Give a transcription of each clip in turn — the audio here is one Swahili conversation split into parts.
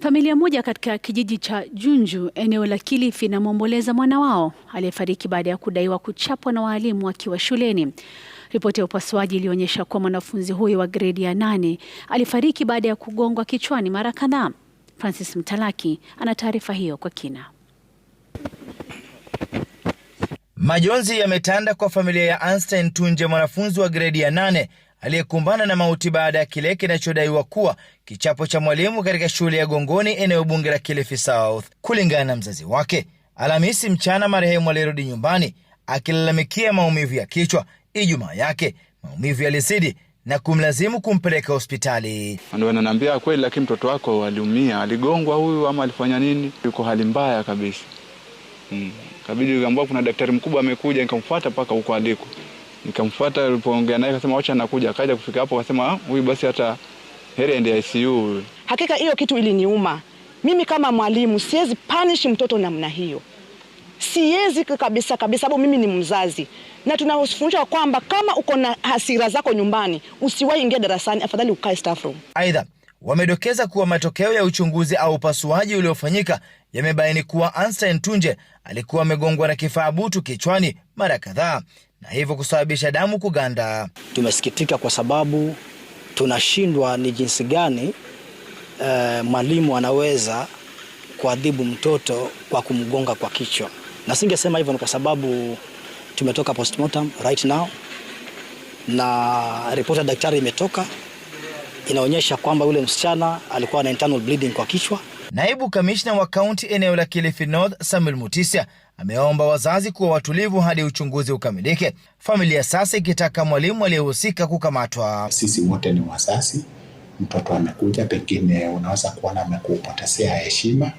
Familia moja katika kijiji cha Junju eneo la Kilifi inamwomboleza mwana wao aliyefariki baada ya kudaiwa kuchapwa na waalimu akiwa shuleni. Ripoti ya upasuaji ilionyesha kuwa mwanafunzi huyo wa gredi ya nane alifariki baada ya kugongwa kichwani mara kadhaa. Francis Mtalaki ana taarifa hiyo kwa kina. Majonzi yametanda kwa familia ya Einstein Tunje, mwanafunzi wa gredi ya nane aliyekumbana na mauti baada ya kile kinachodaiwa kuwa kichapo cha mwalimu katika shule ya Gongoni, eneo bunge la Kilifi South. Kulingana na mzazi wake, Alhamisi mchana marehemu alirudi nyumbani akilalamikia maumivu ya kichwa. Ijumaa yake maumivu yalizidi na kumlazimu kumpeleka hospitali. Ndio ananiambia kweli, lakini mtoto wako aliumia, aligongwa huyu ama alifanya nini? Yuko hali mbaya kabisa. Mm. Kabidi ambao kuna daktari mkubwa amekuja, nikamfuata mpaka huko aliko. Nikamfuata, alipoongea naye akasema wacha nakuja, akaja kufika hapo akasema ah, huyu basi hata heri aende ICU. Hakika hiyo kitu iliniuma mimi kama mwalimu, siwezi punish mtoto namna hiyo, siwezi kabisa kabisa, sababu mimi ni mzazi na tunafundishwa kwamba kama uko na hasira zako nyumbani usiwahi ingia darasani, afadhali ukae staff room. Aidha wamedokeza kuwa matokeo ya uchunguzi au upasuaji uliofanyika yamebaini kuwa Anstein Tunje alikuwa amegongwa na kifaa butu kichwani mara kadhaa na hivyo kusababisha damu kuganda. Tumesikitika kwa sababu tunashindwa ni jinsi gani eh, mwalimu anaweza kuadhibu mtoto kwa kumgonga kwa kichwa, na singesema hivyo ni kwa sababu tumetoka postmortem right now na ripoti ya daktari imetoka inaonyesha kwamba yule msichana alikuwa na internal bleeding kwa kichwa. Naibu kamishna wa kaunti eneo la Kilifi North Samuel Mutisia ameomba wazazi kuwa watulivu hadi uchunguzi ukamilike, familia sasa ikitaka mwalimu aliyehusika kukamatwa. Sisi wote ni wazazi, mtoto amekuja, pengine unaweza kuona amekupotezea heshima.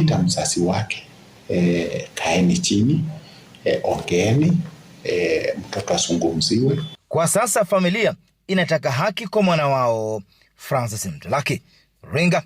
Ita mzazi wake, e, kaeni chini, e, ongeeni, e, mtoto azungumziwe. Kwa sasa familia inataka haki kwa mwana wao Francis Mtalaki. Ringa